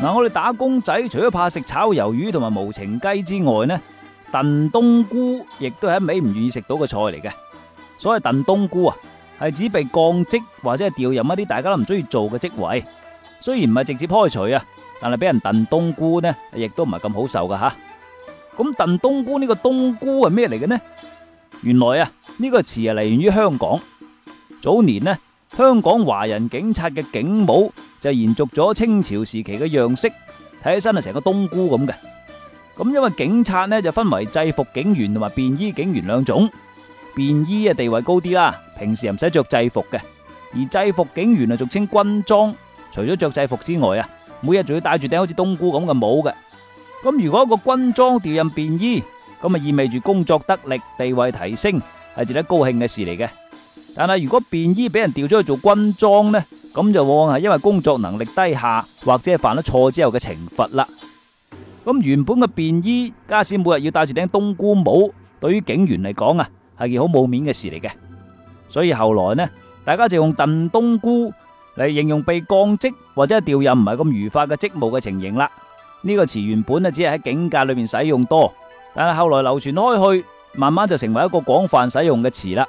嗱、嗯，我哋打工仔除咗怕食炒魷魚同埋無情雞之外呢，燉冬菇亦都係一味唔願意食到嘅菜嚟嘅。所謂燉冬菇啊，係指被降職或者係調任一啲大家都唔中意做嘅職位。雖然唔係直接開除啊，但係俾人燉冬菇呢，亦都唔係咁好受㗎吓。咁、啊、燉冬菇呢個冬菇係咩嚟嘅呢？原來啊，呢、這個詞係嚟源於香港早年呢，香港華人警察嘅警帽。就是、延續咗清朝時期嘅樣式，睇起身啊，成個冬菇咁嘅。咁因為警察呢，就分為制服警員同埋便衣警員兩種，便衣啊地位高啲啦，平時又唔使着制服嘅。而制服警員啊，俗稱軍裝，除咗着制服之外啊，每日仲要戴住頂好似冬菇咁嘅帽嘅。咁如果一個軍裝調任便衣，咁啊意味住工作得力，地位提升，係值得高興嘅事嚟嘅。但係如果便衣俾人調咗去做軍裝呢？咁就往往係因為工作能力低下，或者犯咗錯之後嘅懲罰啦。咁原本嘅便衣，加死每日要戴住頂冬菇帽，對於警員嚟講啊，係件好冇面嘅事嚟嘅。所以後來呢，大家就用燉冬菇嚟形容被降職或者調任唔係咁愉快嘅職務嘅情形啦。呢個詞原本啊只係喺警界裏面使用多，但係後來流傳開去，慢慢就成為一個廣泛使用嘅詞啦。